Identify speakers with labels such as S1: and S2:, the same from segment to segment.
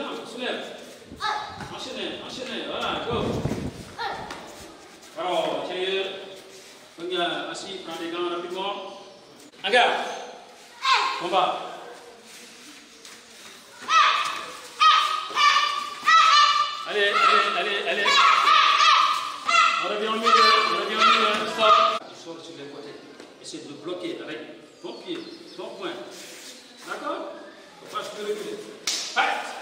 S1: jambes, soulève.
S2: Enchaînez, enchaînez, voilà,
S1: go. Alors, tiens, on assis, prends des gants rapidement. Regarde. Combat. Allez, allez, allez, allez. On revient au milieu, on revient au milieu, stop. Tu sors sur les côtés. Essaye de bloquer avec ton pied, ton poing. D'accord Faut pas se reculer. Fight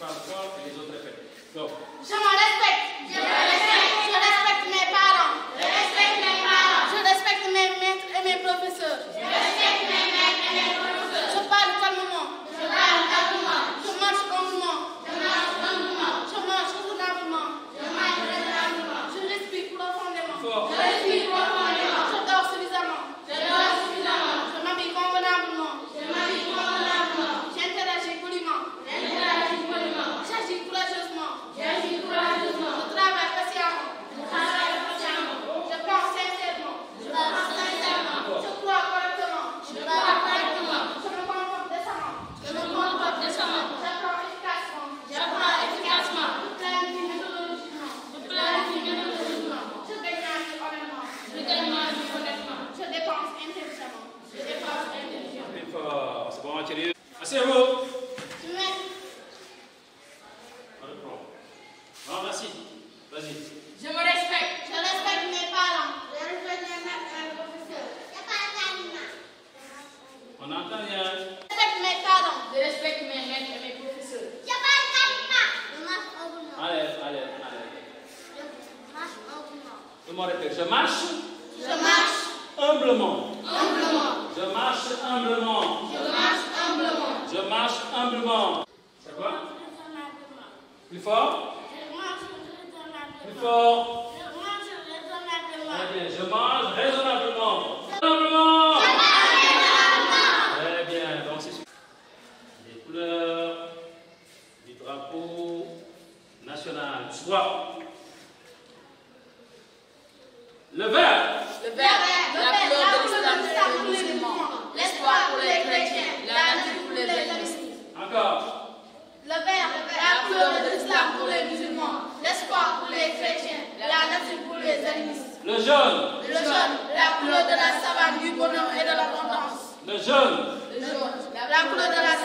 S1: par rapport à les autres fêtes. Donc, la couleur de la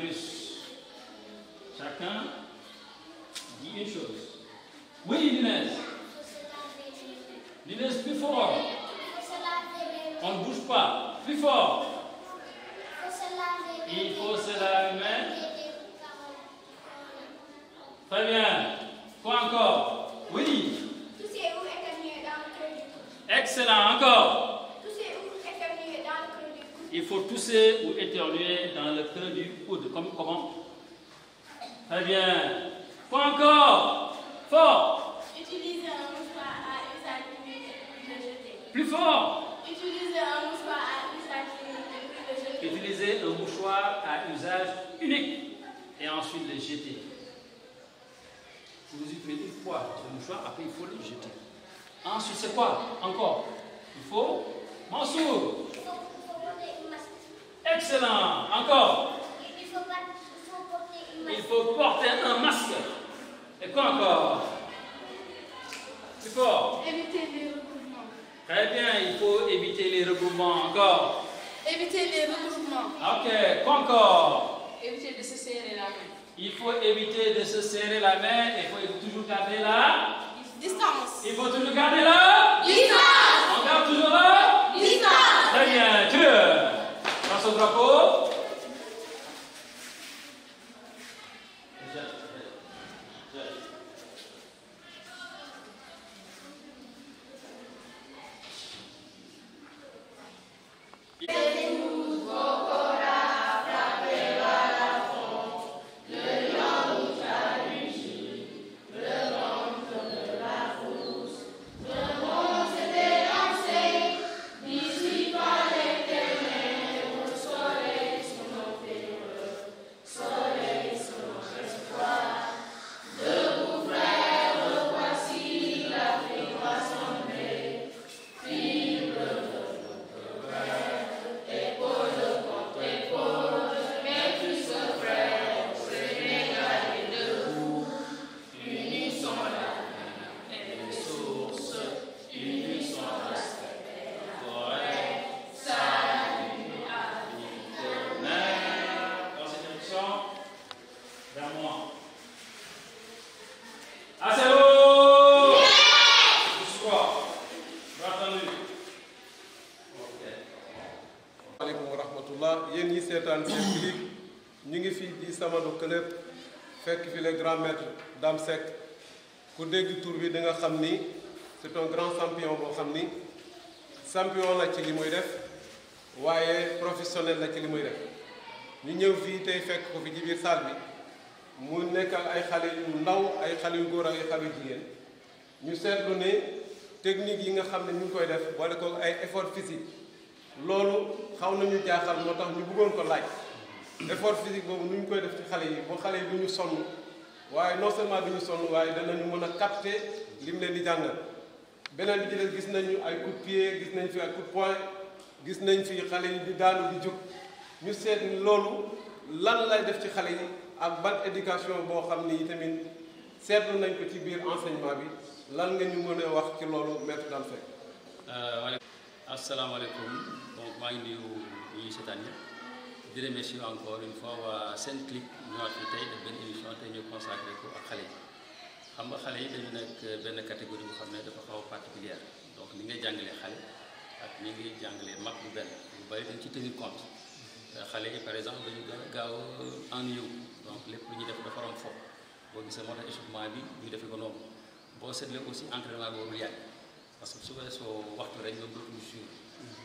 S1: virus. Chacun dit une chose. Oui, Inès. Inès, plus fort. On ne bouge pas. Plus fort. Il faut se laver les mains. Très bien. Quoi encore Oui. Excellent. Encore. il faut tousser ou éternuer dans le creux du coude. Comme, comment Très bien. Quoi encore Fort. Utiliser un mouchoir à usage unique de un mouchoir à usage unique et ensuite le jeter. Vous utilisez une fois le mouchoir, après il faut le jeter. Ensuite, c'est quoi Encore Il faut Mansour Excellent. Encore. Il faut, pas, il faut, porter, un masque. Il faut porter un masque. Et quoi encore il faut éviter les regroupements. Encore. Éviter les regroupements. Ok, quoi encore Éviter de se serrer la main. Il faut éviter de se serrer la main. Il faut toujours garder la distance. Il faut toujours garder la Passou, trocou.
S2: grand maître Dame Seck ku dégg tuur bi di nga xam ni c'est un grand champion boo xam ni champion la ci li muy def waaye professionnel la ci muy def ñu ñëw fii tey fekk ko fi ci biir salle bi mu nekk ak ay xale yu ndaw ay xale yu góor ak ay xale yu jigéen ñu seetlu ne technique yi nga xam ne ñu ngi koy def boole ko ay effort physique loolu xaw nañu jaaxal moo tax ñu buggoon ko laaj effort physique boobu nu ñu koy def ci xale yi boo xale yi bu sonn waaye non seulement bi ñu sonn waaye ñu mën a capter lim leen di jàngal beneen bi ci des gis nañu ay coup gis nañ fi ay coup gis nañ fi xale yi di daanu di jóg ñu seet loolu lan lay def ci xale yi ak ban éducation boo xam ni tamit seetlu nañ ko ci biir enseignement bi lan nga ñu mën a wax ci loolu maître Dame Seck.
S1: Euh, waaleykum asalaamaaleykum donc maa ngi nuyu ñuy seetaan ñëpp di remercier encore une fois waa Senclic ñëwaat yi tey benn émission tey ñu consacré ko ak xale yi xam nga xale yi dañu nekk benn catégorie bu xam ne dafa xaw particulière donc ni ngay jàngalee xale ak ni ngay jàngalee mag bu benn lu bari dañ ci tenir compte euh, xale yi par exemple dañu gaaw ennuyu donc lépp lu ñuy def dafa rom foofu boo gisee moo tax échauffement bi ñu defe ko noonu boo seetlee aussi entraînement boobu yàgg parce que su weesoo waxtu rek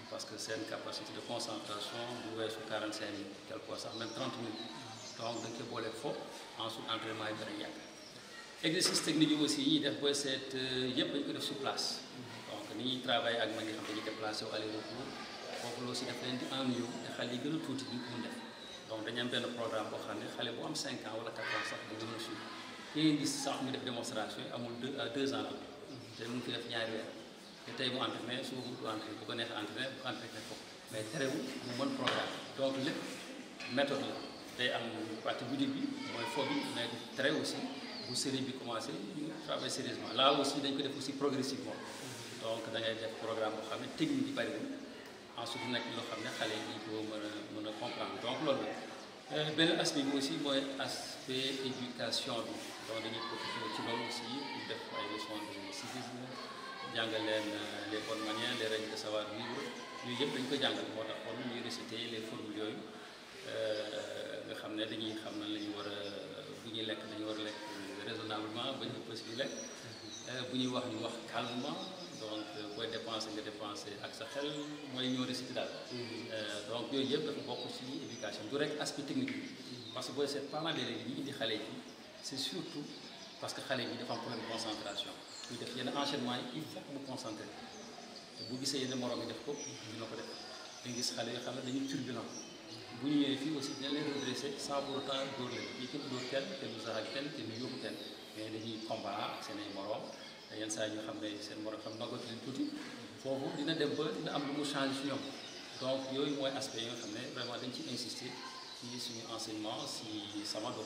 S1: parce que seen capacité de concentration bu weesu 45 mille quelque chose sax même 30 mille donc dañ koy boole foofu ensuite entraînement yi dana yàgg exercice technique yi aussi yi ñuy def booy seet euh, yëpp dañ ko def sur place donc ni ñuy travailler ak mag yi xam dañuy déplacé wu aller retour foofu loolu aussi daf leen di ennuyu te xale yi gën a tuuti ñu ko def donc dañu am benn programme boo xam ne xale bu am 5 ans wala 4 ans sax bu gën gis sax ñu def démonstration amul 2 2 ans la tey mu entraîné suba mu du entraîné bu ko neexee entraîné bu ko entraîné foofu mais terewul mu mën programme donc lépp méthode la day am partie bu di bi mooy fo bi mais bu série bi commencé ñu travaille sérieusement là aussi dañ ko def aussi progressivement donc da ngay def programme boo xam ne technique yi bëriwul ensuite nag loo xam ne xale yi ko mën a mën a comprendre donc loolu la euh, beneen bi aussi mooy aspect éducation bi donc dañuy profité ci loolu de civisme jàngal leen euh, les bonnes manières les règles de savoir yooyu yëpp dañ ko jàngal moo tax kon ñuy réciter les formules yooyu euh, nga xam ne dañuy xam na la ñu war a bu ñuy lekk dañu war a lekk raisonnablement ba ñu ëpp euh, bu ñuy wax ñu wax calmement donc booy dépenser nga dépenser ak sa xel mooy ñoo réciter daal mm-hmm. donc yooyu yëpp dafa bokk ci éducation du rek aspect technique bi mm-hmm. parce que booy seet parents d'élèves yi ñu indi xale yi c'est surtout parce que xale yi dafa am problème concentration ñu def yenn enchaînement yi il faut mu concentré te bu gisee yenn morom yi def ko dina ko def da gis xale yoo xam ne dañuy turbulent bu ñu ñëwee fii aussi dina leen redressé sans pour autant dóor leen mais dañuy combat ak seen ay morom yenn saa yi nga xam ne seen morom xam nga ko leen tuuti foofu dina dem ba dina am lu mu change ci ñoom donc yooyu mooy aspect yi xam ne vraiment dañ ci insister suñu enseignement si sama doom.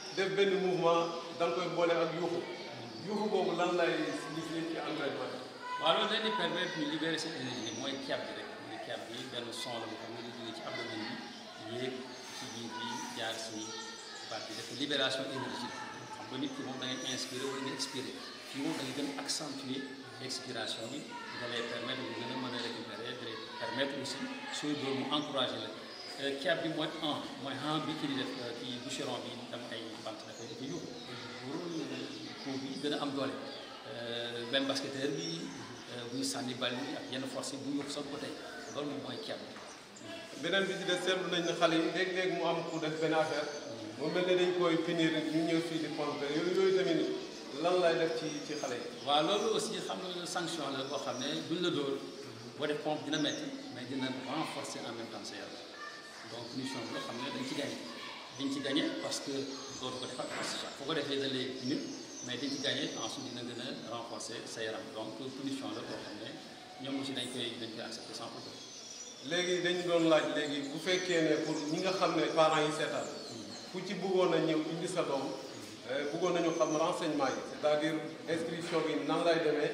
S2: def benn mouvement da nga koy boole ak yuuxu yuuxu boobu lan lay gis liñ ci engagement
S1: waaw loolu dañ di permettre ñu libérer seen énergie mooy ceeb bi rek mooy ceeb bi benn son la boo xam ne dañuy ci abdomen bi yéeg ci biir bi jaar si baat bi def libération énergie xam nga nit ki moom da ngay inspiré wala nga expiré fii moom da ngay gën a accentuer expiration bi nga lay permettre nga gën a mën a récupérer day permettre aussi sooy doon mu encouragé la euh, ceeb bi mooy un mooy un bi ki di def ci euh, boucheron bi tam ay gën a am doole
S2: benn euh, basketteur bi euh, buy sànni bal bi ak yenn force yi bu yóbbu sax ko tey loolu moom mooy kenn. beneen bi si def seetlu nañ ne xale yi léeg-léeg mu am ku def benn affaire mu mel ne dañ koy finir ñu ñëw fii di pompe yooyu yooyu lay def ci xale yi.
S1: waaw loolu aussi xam nga sanction la boo xam ne buñ la dóor boo def pompe dina métti mais dina renforcer en même temps sa yaram donc mission bi nga xam ne dañ ci gagné dañ ci gagné parce que loolu ko defal parce que foo ko defee da lay nit. mais di ci gagné ensuite dina gën a renforcer sa yaram donc punition la boo xam ne ñoom aussi dañ koy dañ koy
S2: léegi dañu doon laaj léegi bu fekkee ne pour ñi nga xam ne parents yi seetaan ku ci bëggoon a ñëw indi sa euh, bëggoon nañu xam renseignement yi c'est-à-dire inscription bi demee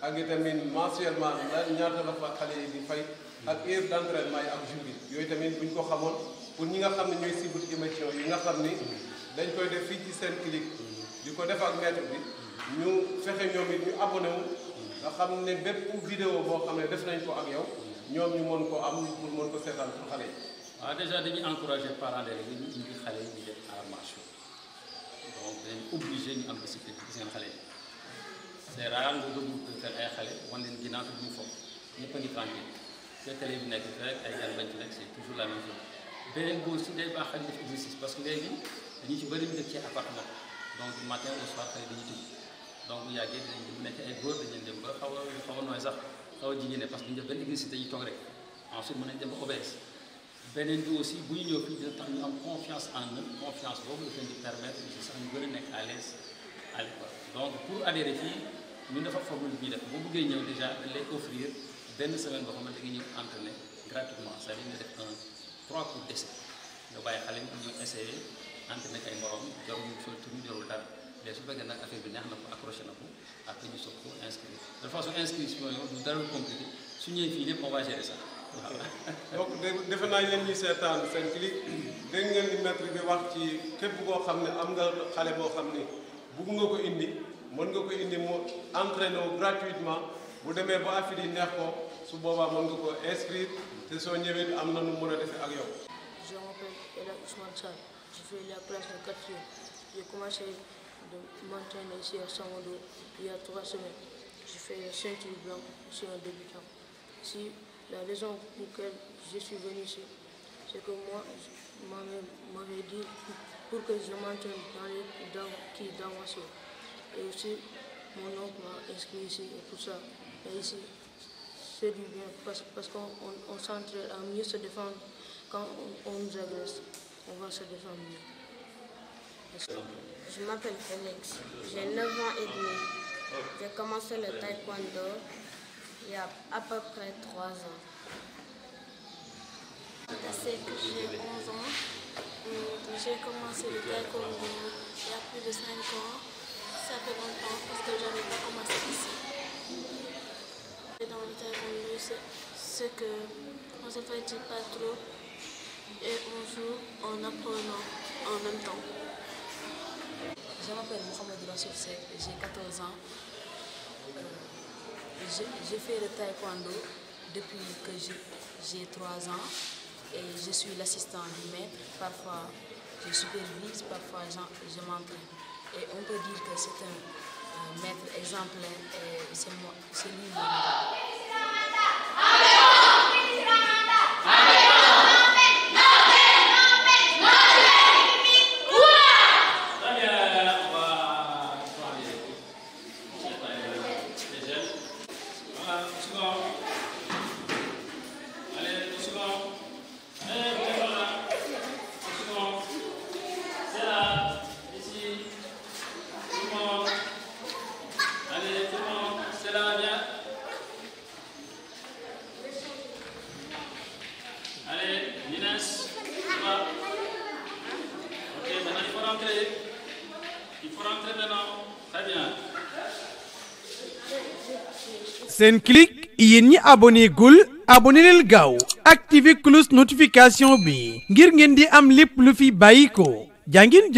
S2: ak itamit mensuellement lan ñaata la fa xale yi di fay ak heure d'entraînement yi ak jour yooyu tamit bu ñu ko xamoon pour ñi nga xam ne ñooy suivre émission yi nga xam ni dañ koy def fii ci seen Senclic di ko def ak maître bi ñu fexe ñoom it ñu abonné nga xam ne bépp vidéo boo xam ne def nañ ko ak yow ñoom ñu mën ko am pour mën ko seetaan pour xale yi.
S1: waaw ah, déjà dañuy encouragé parents d'élèves yi ñu indi xale yi ñu def arts martiaux donc dañ obligé ñu am xale yi c'est rare nga dugg kër ay xale wan leen ginnaaw te duñu foog ñëpp a ngi tranquille te télé bi nekk rek ay gan bañ ci nekk beneen boobu si day baax xale def exercice parce que léegi dañu ci bëri ñu def ci appartement donc bu matin au soir xëy dañuy dem ba xaw a xaw a nooy sax xaw a parce que ñu def benn église dañuy toog rek ensuite mën nañ dem ba obèse beneen bi aussi bu ñu ñëw fii dina tax ñu am confiance en eux confiance boobu daf leen di permettre aussi sax ñu gën a nekk à l'aise à l'école donc pour adhérer fii ñun dafa formule bi ñuy def boo buggee ñëw déjà dañ lay offrir benn semaine boo xamante ne ñu entraîner gratuitement c'est-à-dire nga def un trois cours d'essai nga bàyyi xale ñu essayer ante na kay morom jom ñu sol tur yorul dara mais su fekkee nag affaire bi neex na ko accroché na ko après ñu
S2: soog ko inscrire de façon inscription yooyu du dara compliqué su ñëwee fii lépp on va gérer ça. donc defe dégg ngeen li maître bi wax ci képp koo xam ne am nga xale boo xam ne bugg nga ko indi mën nga ko indi mu entraîné wu gratuitement bu demee ba affaire yi neex ko su boobaa mën nga koo inscrire te soo ñëwee am na nu mën a defee ak yow. fais de quatrième. J'ai commencé de m'entraîner ici à Samando il y a trois semaines. Je fais un débutant. Si la raison pour laquelle je suis venu ici, c'est que moi, m'avait dit pour que je m'entraîne dans les dans, qui dans ma soeur. Et aussi, mon oncle m'a inscrit ici et tout ça. Et ici, c'est du parce, qu'on on, on mieux se défendre quand on, on on va Je m'appelle Félix, j'ai 9 ans et demi. J'ai commencé le taekwondo il y a à peu près 3 ans.
S1: j'ai commencé le
S2: taekwondo
S1: il y a plus de 5 ans. Ça fait longtemps parce que je pas commencé ici. Dans le taekwondo, ce que
S2: on ne se fatigue pas trop. et on joue en apprenant en même temps.
S1: Je m'appelle Mohamed Rassoul Seck, j'ai 14 ans. Euh, je, je fais le depuis que j'ai 3 ans et je suis l'assistant du maître. Parfois, je supervise, parfois je m'entraîne. Et on peut dire que c'est un euh, maître exemplaire et c'est lui
S2: Senclic yéen ñi abonné gul abonné leen gaaw activé cloche bi ngir ngeen di am lépp lu fi bàyyi ko jàngin